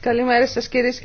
Καλημέρα σας κυρίες